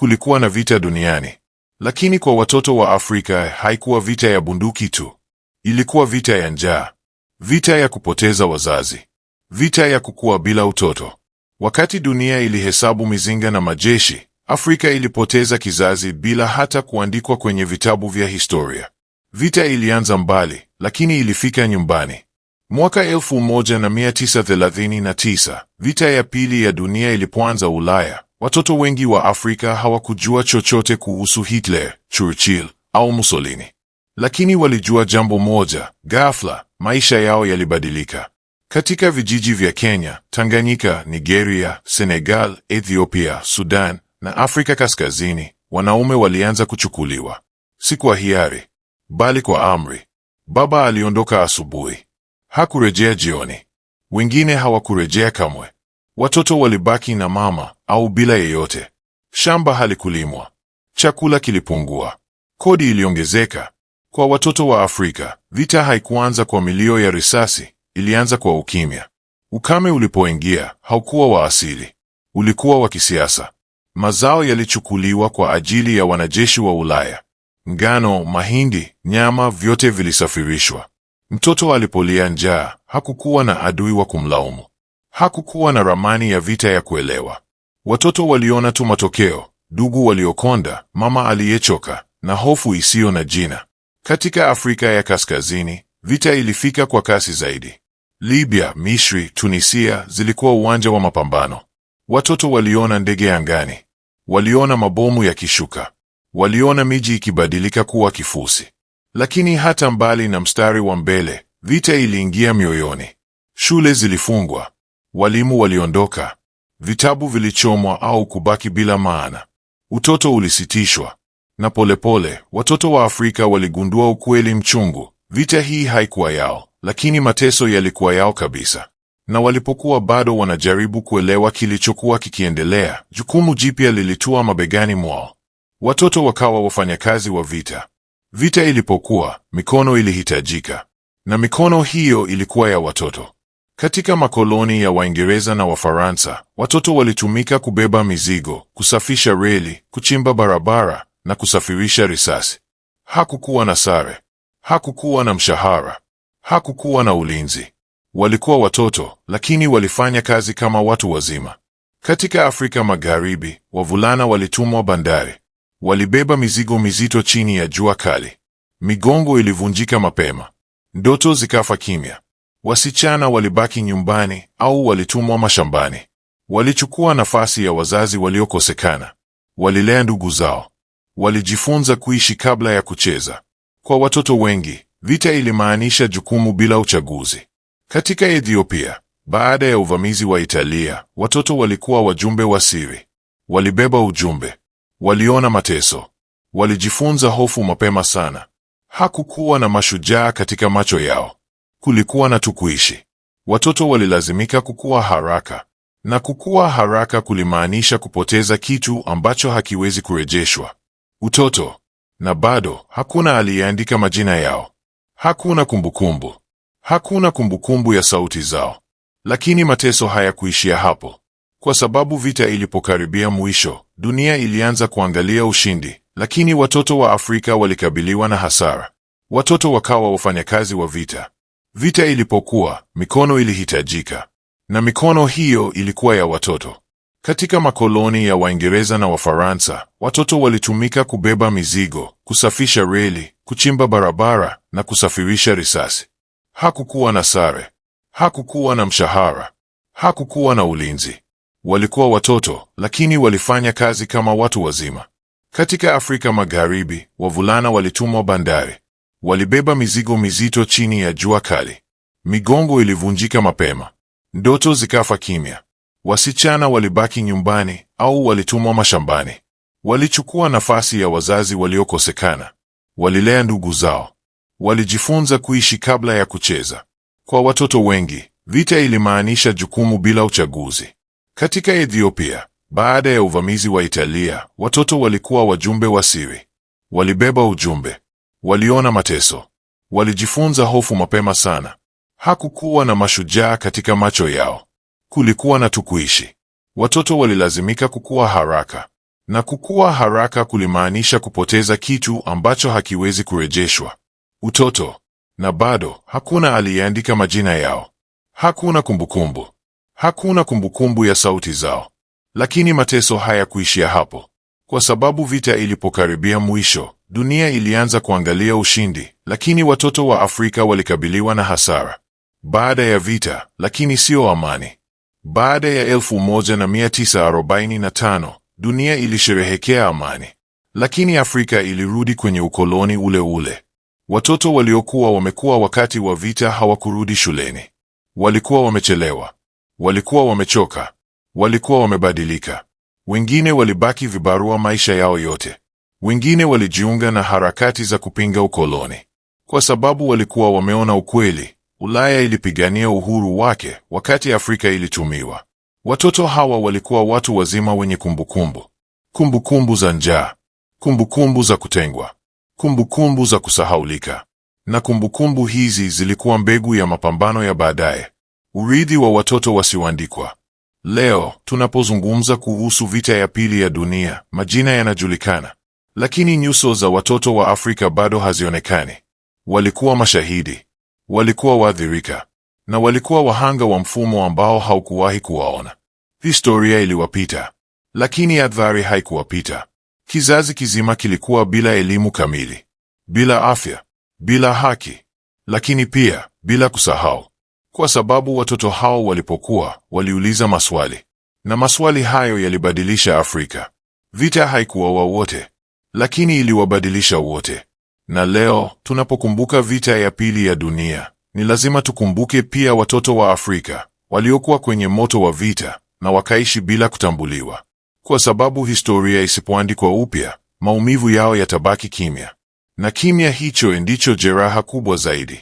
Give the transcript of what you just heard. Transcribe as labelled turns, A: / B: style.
A: Kulikuwa na vita duniani, lakini kwa watoto wa Afrika haikuwa vita ya bunduki tu. Ilikuwa vita ya njaa, vita ya kupoteza wazazi, vita ya kukua bila utoto. Wakati dunia ilihesabu mizinga na majeshi, Afrika ilipoteza kizazi bila hata kuandikwa kwenye vitabu vya historia. Vita ilianza mbali, lakini ilifika nyumbani. Mwaka 1939 vita ya pili ya dunia ilipoanza Ulaya, Watoto wengi wa Afrika hawakujua chochote kuhusu Hitler, Churchill au Mussolini, lakini walijua jambo moja: ghafla maisha yao yalibadilika. Katika vijiji vya Kenya, Tanganyika, Nigeria, Senegal, Ethiopia, Sudan na Afrika Kaskazini, wanaume walianza kuchukuliwa, si kwa hiari, bali kwa amri. Baba aliondoka asubuhi, hakurejea jioni. Wengine hawakurejea kamwe. Watoto walibaki na mama au bila yeyote. Shamba halikulimwa, chakula kilipungua, kodi iliongezeka. Kwa watoto wa Afrika, vita haikuanza kwa milio ya risasi, ilianza kwa ukimya. Ukame ulipoingia, haukuwa wa asili, ulikuwa wa kisiasa. Mazao yalichukuliwa kwa ajili ya wanajeshi wa Ulaya. Ngano, mahindi, nyama, vyote vilisafirishwa. Mtoto alipolia njaa, hakukuwa na adui wa kumlaumu, hakukuwa na ramani ya vita ya kuelewa. Watoto waliona tu matokeo, ndugu waliokonda, mama aliyechoka na hofu isiyo na jina. Katika Afrika ya Kaskazini, vita ilifika kwa kasi zaidi. Libya, Misri, Tunisia zilikuwa uwanja wa mapambano. Watoto waliona ndege angani, waliona mabomu yakishuka, waliona miji ikibadilika kuwa kifusi. Lakini hata mbali na mstari wa mbele, vita iliingia mioyoni. Shule zilifungwa, walimu waliondoka, Vitabu vilichomwa au kubaki bila maana. Utoto ulisitishwa, na polepole pole, watoto wa Afrika waligundua ukweli mchungu: vita hii haikuwa yao, lakini mateso yalikuwa yao kabisa. Na walipokuwa bado wanajaribu kuelewa kilichokuwa kikiendelea, jukumu jipya lilitua mabegani mwao. Watoto wakawa wafanyakazi wa vita. Vita ilipokuwa, mikono ilihitajika, na mikono hiyo ilikuwa ya watoto. Katika makoloni ya Waingereza na Wafaransa, watoto walitumika kubeba mizigo, kusafisha reli, kuchimba barabara na kusafirisha risasi. Hakukuwa na sare, hakukuwa na mshahara, hakukuwa na ulinzi. Walikuwa watoto, lakini walifanya kazi kama watu wazima. Katika Afrika Magharibi, wavulana walitumwa bandari, walibeba mizigo mizito chini ya jua kali. Migongo ilivunjika mapema, ndoto zikafa kimya. Wasichana walibaki nyumbani au walitumwa mashambani. Walichukua nafasi ya wazazi waliokosekana. Walilea ndugu zao. Walijifunza kuishi kabla ya kucheza. Kwa watoto wengi, vita ilimaanisha jukumu bila uchaguzi. Katika Ethiopia, baada ya uvamizi wa Italia, watoto walikuwa wajumbe wa siri. Walibeba ujumbe. Waliona mateso. Walijifunza hofu mapema sana. Hakukuwa na mashujaa katika macho yao kulikuwa na tukuishi. Watoto walilazimika kukua haraka, na kukua haraka kulimaanisha kupoteza kitu ambacho hakiwezi kurejeshwa: utoto. Na bado hakuna aliyeandika majina yao, hakuna kumbukumbu, hakuna kumbukumbu ya sauti zao. Lakini mateso hayakuishia hapo, kwa sababu vita ilipokaribia mwisho, dunia ilianza kuangalia ushindi, lakini watoto wa Afrika walikabiliwa na hasara. Watoto wakawa wafanyakazi wa vita, Vita ilipokuwa, mikono ilihitajika, na mikono hiyo ilikuwa ya watoto. Katika makoloni ya Waingereza na Wafaransa, watoto walitumika kubeba mizigo, kusafisha reli, kuchimba barabara na kusafirisha risasi. Hakukuwa na sare, hakukuwa na mshahara, hakukuwa na ulinzi. Walikuwa watoto, lakini walifanya kazi kama watu wazima. Katika Afrika Magharibi, wavulana walitumwa bandari, Walibeba mizigo mizito chini ya jua kali. Migongo ilivunjika mapema, ndoto zikafa kimya. Wasichana walibaki nyumbani au walitumwa mashambani. Walichukua nafasi ya wazazi waliokosekana. Walilea ndugu zao, walijifunza kuishi kabla ya kucheza. Kwa watoto wengi, vita ilimaanisha jukumu bila uchaguzi. Katika Ethiopia, baada ya uvamizi wa Italia, watoto walikuwa wajumbe wasiwi. Walibeba ujumbe Waliona mateso, walijifunza hofu mapema sana. Hakukuwa na mashujaa katika macho yao, kulikuwa na tukuishi Watoto walilazimika kukua haraka, na kukua haraka kulimaanisha kupoteza kitu ambacho hakiwezi kurejeshwa: utoto. Na bado hakuna aliyeandika majina yao, hakuna kumbukumbu, hakuna kumbukumbu ya sauti zao. Lakini mateso hayakuishia hapo, kwa sababu vita ilipokaribia mwisho Dunia ilianza kuangalia ushindi, lakini watoto wa Afrika walikabiliwa na hasara. Baada ya vita, lakini sio amani. Baada ya 1945 dunia ilisherehekea amani, lakini Afrika ilirudi kwenye ukoloni ule ule. Watoto waliokuwa wamekuwa wakati wa vita hawakurudi shuleni, walikuwa wamechelewa, walikuwa wamechoka, walikuwa wamebadilika. Wengine walibaki vibarua maisha yao yote. Wengine walijiunga na harakati za kupinga ukoloni kwa sababu walikuwa wameona ukweli: Ulaya ilipigania uhuru wake wakati Afrika ilitumiwa. Watoto hawa walikuwa watu wazima wenye kumbukumbu, kumbukumbu za njaa, kumbukumbu za kutengwa, kumbukumbu za kusahaulika, na kumbukumbu hizi zilikuwa mbegu ya mapambano ya baadaye, urithi wa watoto wasioandikwa. Leo tunapozungumza kuhusu vita ya pili ya dunia, majina yanajulikana. Lakini nyuso za watoto wa Afrika bado hazionekani. Walikuwa mashahidi, walikuwa waathirika, na walikuwa wahanga wa mfumo ambao haukuwahi kuwaona. Historia iliwapita, lakini athari haikuwapita. Kizazi kizima kilikuwa bila elimu kamili, bila afya, bila haki, lakini pia bila kusahau, kwa sababu watoto hao walipokuwa waliuliza maswali, na maswali hayo yalibadilisha Afrika. Vita haikuwaua wote, lakini iliwabadilisha wote. Na leo tunapokumbuka vita ya pili ya dunia, ni lazima tukumbuke pia watoto wa Afrika waliokuwa kwenye moto wa vita na wakaishi bila kutambuliwa, kwa sababu historia isipoandikwa upya, maumivu yao yatabaki kimya, na kimya hicho ndicho jeraha kubwa zaidi.